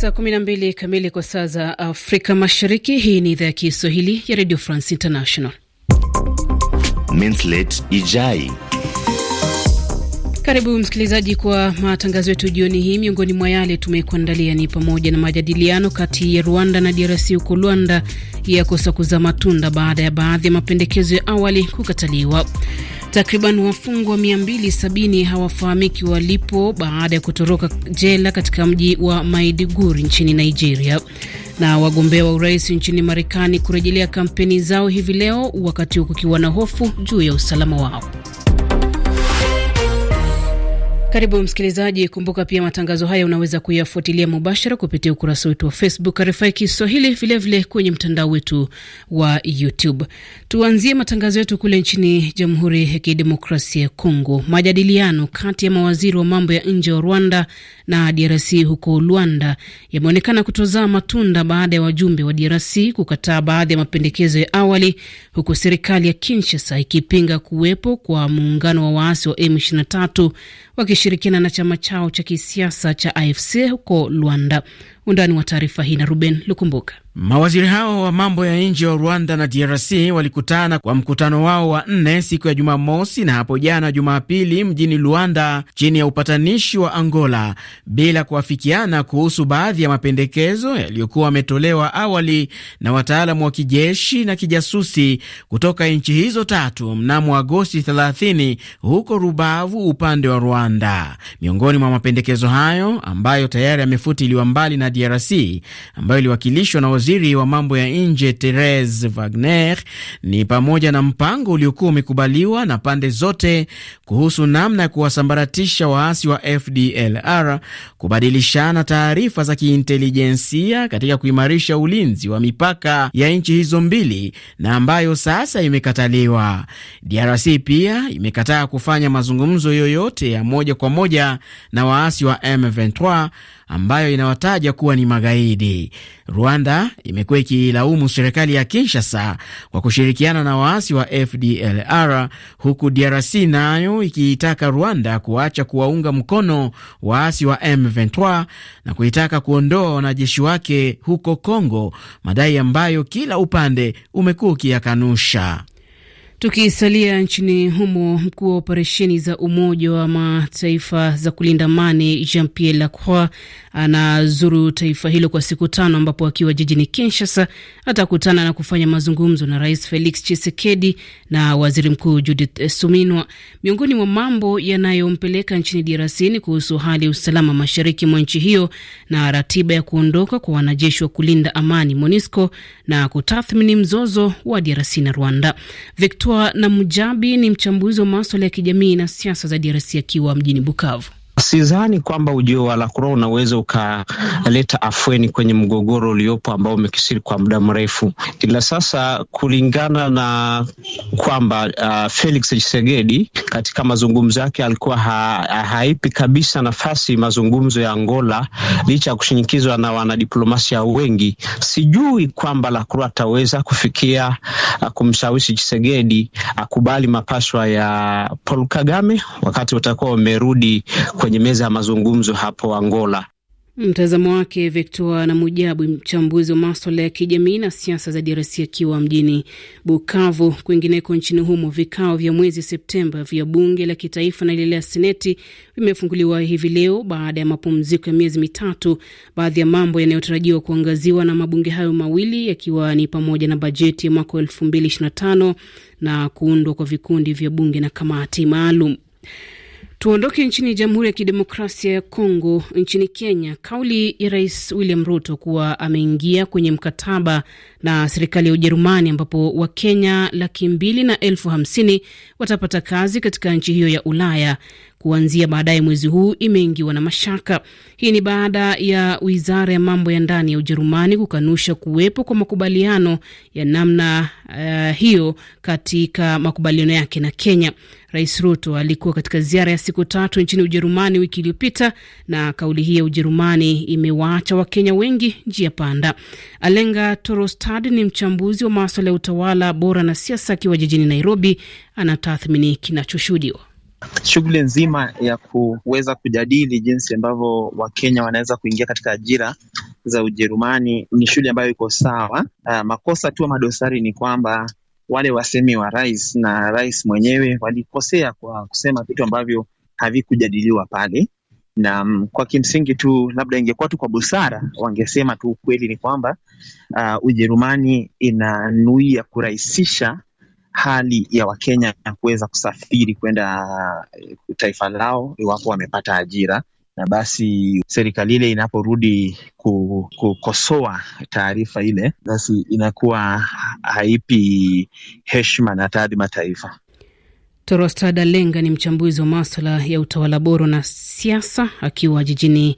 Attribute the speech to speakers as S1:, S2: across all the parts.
S1: Saa 12 kamili kwa saa za Afrika Mashariki. Hii ni idhaa ya Kiswahili ya Radio France International.
S2: Mintlet Ijai.
S1: Karibu msikilizaji kwa matangazo yetu jioni hii. Miongoni mwa yale tumekuandalia ni pamoja na majadiliano kati ya Rwanda na DRC huko Luanda yakosa kuzaa matunda baada ya baadhi ya mapendekezo ya awali kukataliwa. Takriban wafungwa 270 hawafahamiki walipo baada ya kutoroka jela katika mji wa Maiduguri nchini Nigeria. Na wagombea wa urais nchini Marekani kurejelea kampeni zao hivi leo, wakati huu kukiwa na hofu juu ya usalama wao. Karibu msikilizaji, kumbuka pia matangazo haya unaweza kuyafuatilia mubashara kupitia ukurasa wetu wa Facebook RFI Kiswahili, vilevile kwenye mtandao wetu wa YouTube. Tuanzie matangazo yetu kule nchini Jamhuri ya Kidemokrasia ya Kongo. Majadiliano kati ya mawaziri wa mambo ya nje wa Rwanda na DRC huko Luanda yameonekana kutozaa matunda baada ya wajumbe wa DRC kukataa baadhi ya mapendekezo ya awali, huku serikali ya Kinshasa ikipinga kuwepo kwa muungano wa waasi wa M23 wakishirikiana na chama chao cha kisiasa cha AFC huko Luanda.
S3: Undani wa taarifa hii na Ruben Lukumbuka. Mawaziri hao wa mambo ya nje wa Rwanda na DRC walikutana kwa mkutano wao wa nne siku ya Jumamosi na hapo jana Jumapili mjini Luanda chini ya upatanishi wa Angola bila kuafikiana kuhusu baadhi ya mapendekezo yaliyokuwa wametolewa awali na wataalamu wa kijeshi na kijasusi kutoka nchi hizo tatu mnamo Agosti 30 huko Rubavu upande wa Rwanda. Miongoni mwa mapendekezo hayo ambayo tayari yamefutiliwa mbali na DRC ambayo iliwakilishwa na waziri wa mambo ya nje Therese Wagner ni pamoja na mpango uliokuwa umekubaliwa na pande zote kuhusu namna ya kuwasambaratisha waasi wa FDLR, kubadilishana taarifa za kiintelijensia katika kuimarisha ulinzi wa mipaka ya nchi hizo mbili na ambayo sasa imekataliwa. DRC pia imekataa kufanya mazungumzo yoyote ya moja kwa moja na waasi wa M23 ambayo inawataja kuwa ni magaidi. Rwanda imekuwa ikiilaumu serikali ya Kinshasa kwa kushirikiana na waasi wa FDLR, huku DRC nayo ikiitaka Rwanda kuacha kuwaunga mkono waasi wa M23 na kuitaka kuondoa wanajeshi wake huko congo madai ambayo kila upande umekuwa ukiyakanusha.
S1: Tukisalia nchini humo, mkuu wa operesheni za Umoja wa Mataifa za kulinda amani Jean Pierre Lacroix anazuru taifa hilo kwa siku tano, ambapo akiwa jijini Kinshasa atakutana na kufanya mazungumzo na Rais Felix Tshisekedi na Waziri Mkuu Judith Suminwa. Miongoni mwa mambo yanayompeleka nchini DRC ni kuhusu hali ya usalama mashariki mwa nchi hiyo na ratiba ya kuondoka kwa wanajeshi wa kulinda amani MONUSCO na kutathmini mzozo wa DRC na Rwanda Victor anaitwa na Mujabi ni mchambuzi wa maswala ya kijamii na siasa za DRC akiwa mjini Bukavu.
S3: Sidhani kwamba ujio wa Lacroix unaweza ukaleta afweni kwenye mgogoro uliopo ambao umekisiri kwa muda mrefu, ila sasa kulingana na kwamba uh, Felix Tshisekedi katika mazungumzo yake alikuwa ha, haipi kabisa nafasi mazungumzo ya Angola licha ya kushinikizwa na wanadiplomasia wengi. Sijui kwamba Lacroix ataweza kufikia uh, kumshawishi Tshisekedi akubali uh, mapashwa ya Paul Kagame wakati watakuwa wamerudi kwenye kwenye meza ya mazungumzo hapo Angola.
S1: Mtazamo wake Victor na Mujabu, mchambuzi wa maswala ya kijamii na siasa za DRC akiwa mjini Bukavu. Kwingineko nchini humo, vikao vya mwezi Septemba vya bunge la kitaifa na lile la seneti vimefunguliwa hivi leo baada ya mapumziko ya miezi mitatu. Baadhi ya mambo yanayotarajiwa kuangaziwa na mabunge hayo mawili yakiwa ni pamoja na bajeti ya mwaka 2025 na kuundwa kwa vikundi vya bunge na kamati maalum. Tuondoke nchini Jamhuri ya Kidemokrasia ya Kongo. Nchini Kenya, kauli ya Rais William Ruto kuwa ameingia kwenye mkataba na serikali ya Ujerumani ambapo Wakenya laki mbili na elfu hamsini watapata kazi katika nchi hiyo ya Ulaya kuanzia baadaye mwezi huu imeingiwa na mashaka. Hii ni baada ya wizara ya mambo ya ndani ya Ujerumani kukanusha kuwepo kwa makubaliano ya namna uh, hiyo katika makubaliano yake na Kenya. Rais Ruto alikuwa katika ziara ya siku tatu nchini Ujerumani wiki iliyopita, na kauli hii ya Ujerumani imewaacha Wakenya wengi njia panda. Alenga Torostad ni mchambuzi wa maswala ya utawala bora na siasa, akiwa jijini Nairobi, anatathmini kinachoshuhudiwa.
S3: Shughuli nzima ya kuweza kujadili jinsi ambavyo wakenya wanaweza kuingia katika ajira za Ujerumani ni shughuli ambayo iko sawa. Uh, makosa tu ama dosari ni kwamba wale wasemi wa rais na rais mwenyewe walikosea kwa kusema vitu ambavyo havikujadiliwa pale, na um, kwa kimsingi tu labda ingekuwa tu kwa busara wangesema tu ukweli ni kwamba uh, Ujerumani ina kurahisisha hali ya Wakenya kuweza kusafiri kwenda eh, taifa lao iwapo wamepata ajira na basi serikali ile inaporudi kukosoa taarifa ile, basi inakuwa haipi heshima na taadhima taifa.
S1: Torostada Lenga ni mchambuzi wa maswala ya utawala bora na siasa akiwa jijini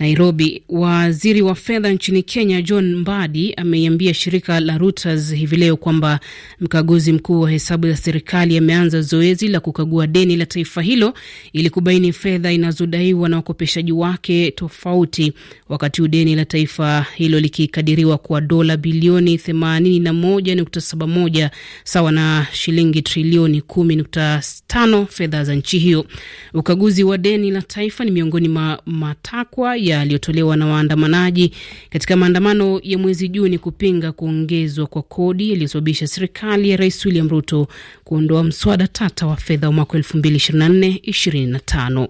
S1: Nairobi. Waziri wa fedha nchini Kenya John Mbadi ameiambia shirika la Reuters hivi leo kwamba mkaguzi mkuu wa hesabu za serikali ameanza zoezi la kukagua deni la taifa hilo ili kubaini fedha inazodaiwa na wakopeshaji wake tofauti, wakati huu deni la taifa hilo likikadiriwa kwa dola bilioni 81.71 sawa na shilingi trilioni 10.5 fedha za nchi hiyo. Ukaguzi wa deni la taifa ni miongoni mwa matakwa yaliyotolewa na waandamanaji katika maandamano ya mwezi Juni kupinga kuongezwa kwa kodi iliyosababisha serikali ya Rais William Ruto kuondoa mswada tata wa fedha wa mwaka 2024/2025.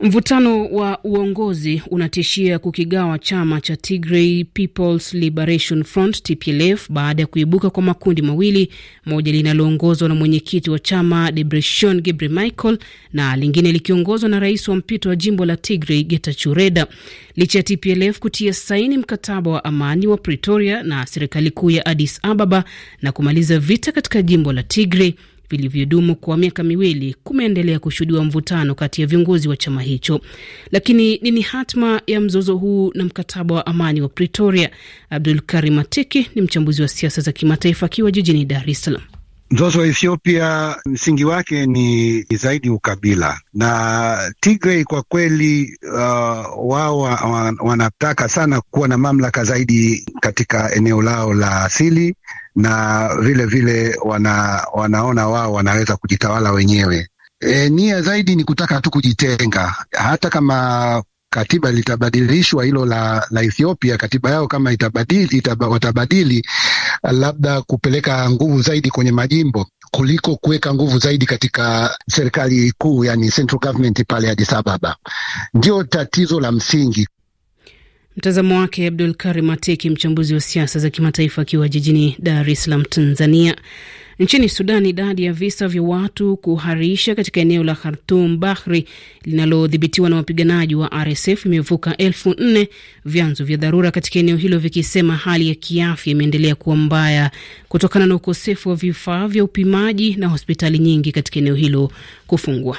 S1: Mvutano wa uongozi unatishia kukigawa chama cha Tigray People's Liberation Front TPLF baada ya kuibuka kwa makundi mawili, moja linaloongozwa na mwenyekiti wa chama Debretsion Gebre Michael na lingine likiongozwa na rais wa mpito wa jimbo la Tigray Getachew Reda. Licha ya TPLF kutia saini mkataba wa amani wa Pretoria na serikali kuu ya Addis Ababa na kumaliza vita katika jimbo la Tigray, vilivyodumu kwa miaka miwili, kumeendelea kushuhudiwa mvutano kati ya viongozi wa chama hicho. Lakini nini hatma ya mzozo huu na mkataba wa amani wa Pretoria? Abdul Karim Atiki ni mchambuzi wa siasa za kimataifa akiwa jijini Dar es Salaam.
S2: Mzozo wa Ethiopia msingi wake ni zaidi ukabila, na Tigray kwa kweli, uh, wao wanataka sana kuwa na mamlaka zaidi katika eneo lao la asili, na vile vile wana, wanaona wao wanaweza kujitawala wenyewe. E, nia zaidi ni kutaka tu kujitenga, hata kama katiba litabadilishwa hilo la, la Ethiopia katiba yao kama itabadili, itab, watabadili labda kupeleka nguvu zaidi kwenye majimbo kuliko kuweka nguvu zaidi katika serikali kuu, yani central government pale Addis Ababa. Ndio tatizo la msingi.
S1: Mtazamo wake Abdul Karim Ateki, mchambuzi wa siasa za kimataifa akiwa jijini Dar es Salaam, Tanzania. Nchini Sudan, idadi ya visa vya watu kuharisha katika eneo la Khartum Bahri linalodhibitiwa na wapiganaji wa RSF imevuka elfu nne, vyanzo vya dharura katika eneo hilo vikisema hali ya kiafya imeendelea kuwa mbaya kutokana na ukosefu wa vifaa vya upimaji na hospitali nyingi katika eneo hilo kufungwa.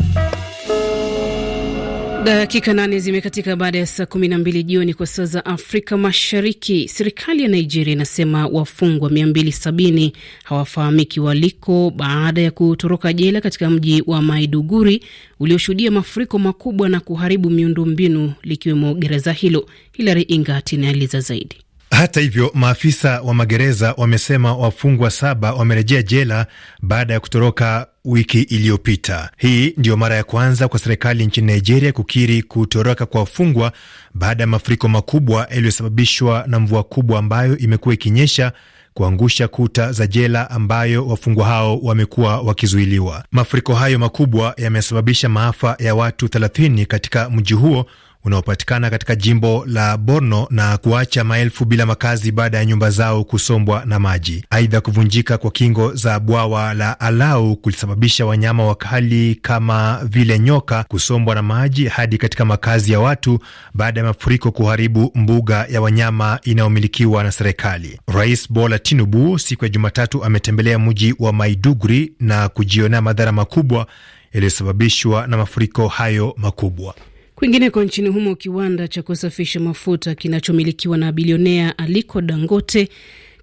S1: Dakika nane zimekatika baada ya saa kumi na mbili jioni kwa saa za Afrika Mashariki. Serikali ya Nigeria inasema wafungwa mia mbili sabini hawafahamiki waliko baada ya kutoroka jela katika mji wa Maiduguri ulioshuhudia mafuriko makubwa na kuharibu miundombinu likiwemo gereza hilo. Hilary ingat inaeleza zaidi.
S2: Hata hivyo maafisa wa magereza wamesema wafungwa saba wamerejea jela baada ya kutoroka wiki iliyopita. Hii ndiyo mara ya kwanza kwa serikali nchini Nigeria kukiri kutoroka kwa wafungwa baada ya mafuriko makubwa yaliyosababishwa na mvua kubwa ambayo imekuwa ikinyesha kuangusha kuta za jela ambayo wafungwa hao wamekuwa wakizuiliwa. Mafuriko hayo makubwa yamesababisha maafa ya watu 30 katika mji huo unaopatikana katika jimbo la Borno na kuacha maelfu bila makazi baada ya nyumba zao kusombwa na maji. Aidha, kuvunjika kwa kingo za bwawa la Alau kulisababisha wanyama wakali kama vile nyoka kusombwa na maji hadi katika makazi ya watu baada ya mafuriko kuharibu mbuga ya wanyama inayomilikiwa na serikali. Rais Bola Tinubu siku ya Jumatatu ametembelea mji wa Maiduguri na kujionea madhara makubwa yaliyosababishwa na mafuriko hayo makubwa.
S1: Kwingineko nchini humo, kiwanda cha kusafisha mafuta kinachomilikiwa na bilionea Aliko Dangote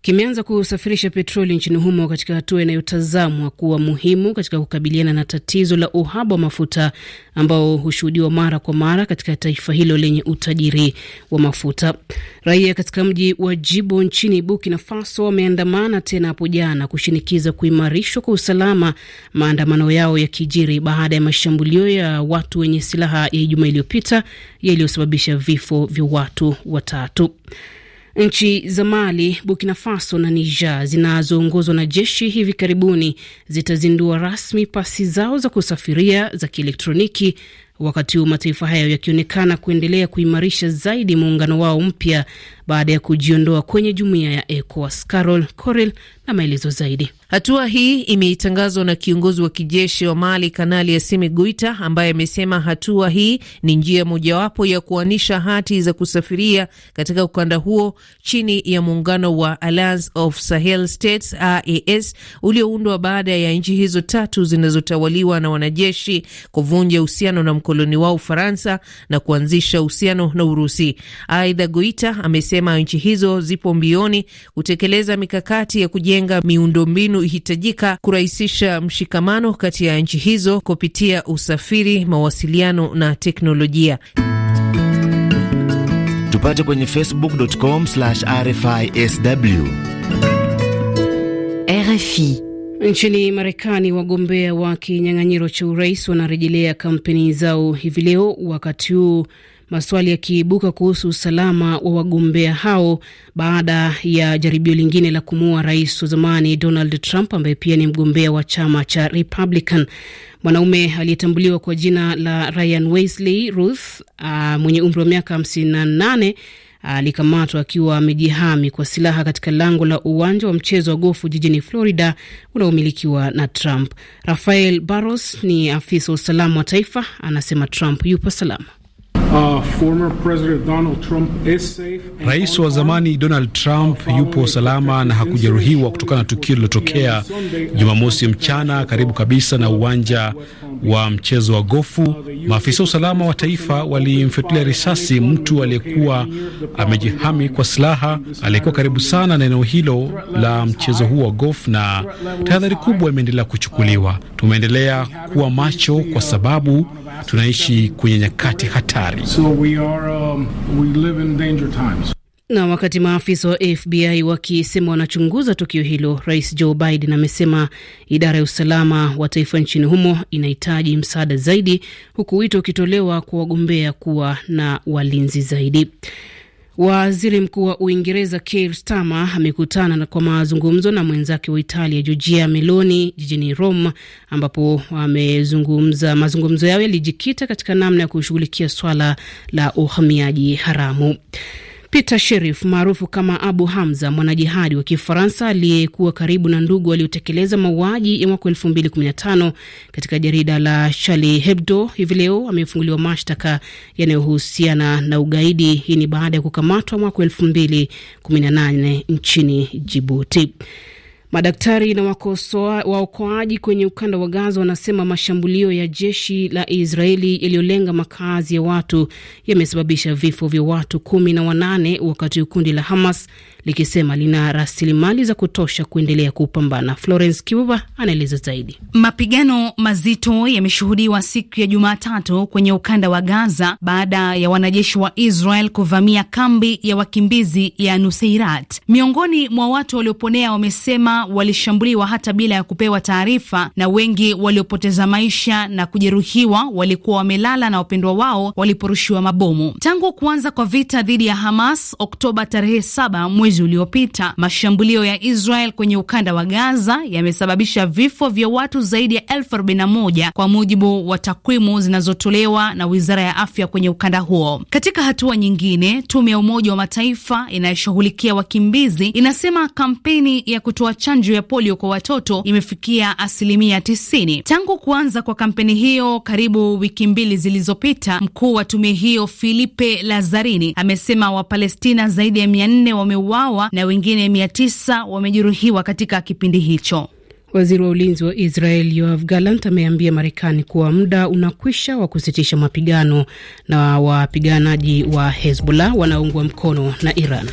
S1: kimeanza kusafirisha petroli nchini humo katika hatua inayotazamwa kuwa muhimu katika kukabiliana na tatizo la uhaba wa mafuta ambao hushuhudiwa mara kwa mara katika taifa hilo lenye utajiri wa mafuta. Raia katika mji wa Jibo nchini Burkina Faso wameandamana tena hapo jana kushinikiza kuimarishwa kwa usalama, maandamano yao yakijiri baada ya mashambulio ya watu wenye silaha ya Ijumaa iliyopita yaliyosababisha vifo vya watu watatu. Nchi za Mali, Burkina Faso na Niger zinazoongozwa na jeshi hivi karibuni zitazindua rasmi pasi zao za kusafiria za kielektroniki, wakati huu mataifa hayo yakionekana kuendelea kuimarisha zaidi muungano wao mpya baada ya kujiondoa kwenye jumuiya ya ECOWAS. Carol Corel na maelezo zaidi. Hatua hii imetangazwa na kiongozi wa kijeshi wa Mali, Kanali yasimi guita ambaye amesema hatua hii ni njia mojawapo ya kuanisha hati za kusafiria katika ukanda huo chini ya muungano wa Alliance of Sahel States AES ulioundwa baada ya nchi hizo tatu zinazotawaliwa na wanajeshi kuvunja uhusiano na mkoloni wao Ufaransa na kuanzisha uhusiano na Urusi. Aidha, guita amesema nchi hizo zipo mbioni kutekeleza mikakati ya kujenga miundombinu ihitajika kurahisisha mshikamano kati ya nchi hizo kupitia usafiri, mawasiliano na teknolojia.
S3: Tupate kwenye facebook.com rfisw. RFI
S1: Nchini Marekani, wagombea wa kinyang'anyiro cha urais wanarejelea kampeni zao hivi leo, wakati huu maswali yakiibuka kuhusu usalama wa wagombea hao baada ya jaribio lingine la kumuua rais wa zamani Donald Trump ambaye pia ni mgombea wa chama cha Republican. Mwanaume aliyetambuliwa kwa jina la Ryan Wesley Ruth ah, mwenye umri wa miaka 58 alikamatwa akiwa amejihami kwa silaha katika lango la uwanja wa mchezo wa gofu jijini Florida unaomilikiwa na Trump. Rafael Barros ni afisa wa usalama wa taifa, anasema Trump yupo salama.
S3: Uh, Rais wa zamani Donald Trump yupo salama na hakujeruhiwa kutokana na tukio lililotokea Jumamosi mchana karibu kabisa na uwanja wa mchezo wa gofu, maafisa usalama wa taifa walimfyatulia risasi mtu aliyekuwa amejihami kwa silaha aliyekuwa karibu sana na eneo hilo la mchezo huo wa gofu, na tahadhari kubwa imeendelea kuchukuliwa. Tumeendelea kuwa macho kwa sababu tunaishi kwenye nyakati hatari. So
S2: we are, um,
S3: we live in danger times.
S1: Na wakati maafisa wa FBI wakisema wanachunguza tukio hilo, rais Joe Biden amesema idara ya usalama wa taifa nchini humo inahitaji msaada zaidi, huku wito ukitolewa kwa wagombea kuwa na walinzi zaidi. Waziri Mkuu wa Uingereza Keir Starmer amekutana kwa mazungumzo na mwenzake wa Italia Giorgia Meloni jijini Rome, ambapo wamezungumza. Mazungumzo yao yalijikita katika namna ya kushughulikia swala la uhamiaji haramu. Peter Sherif maarufu kama Abu Hamza, mwanajihadi wa Kifaransa aliyekuwa karibu na ndugu aliotekeleza mauaji ya mwaka 215 katika jarida la Charlie Hebdo, hivi leo amefunguliwa mashtaka yanayohusiana na ugaidi. Hii ni baada ya kukamatwa mwaka 218 nchini Jibuti. Madaktari na waokoaji kwenye ukanda wa Gaza wanasema mashambulio ya jeshi la Israeli yaliyolenga makazi ya watu yamesababisha vifo vya watu kumi na wanane wakati kundi la Hamas likisema lina rasilimali za kutosha kuendelea kupambana. Florence Kibuba anaeleza zaidi.
S4: Mapigano mazito yameshuhudiwa siku ya Jumatatu kwenye ukanda wa Gaza baada ya wanajeshi wa Israel kuvamia kambi ya wakimbizi ya Nuseirat. Miongoni mwa watu walioponea wamesema walishambuliwa hata bila ya kupewa taarifa, na wengi waliopoteza maisha na kujeruhiwa walikuwa wamelala na wapendwa wao waliporushiwa mabomu. Tangu kuanza kwa vita dhidi ya Hamas Oktoba tarehe saba mwezi uliopita, mashambulio ya Israel kwenye ukanda wa Gaza yamesababisha vifo vya watu zaidi ya elfu arobaini na moja kwa mujibu wa takwimu zinazotolewa na wizara ya afya kwenye ukanda huo. Katika hatua nyingine, tume ya Umoja wa Mataifa inayoshughulikia wakimbizi inasema kampeni ya kutoa chanjo ya polio kwa watoto imefikia asilimia tisini. Tangu kuanza kwa kampeni hiyo karibu wiki mbili zilizopita, mkuu wa tume hiyo Filipe Lazarini amesema Wapalestina zaidi ya mia nne wameuawa na wengine mia tisa wamejeruhiwa katika kipindi hicho.
S1: Waziri wa ulinzi wa Israel Yoav Gallant ameambia Marekani kuwa muda unakwisha wa kusitisha mapigano na wapiganaji wa Hezbollah wanaoungwa mkono na Iran.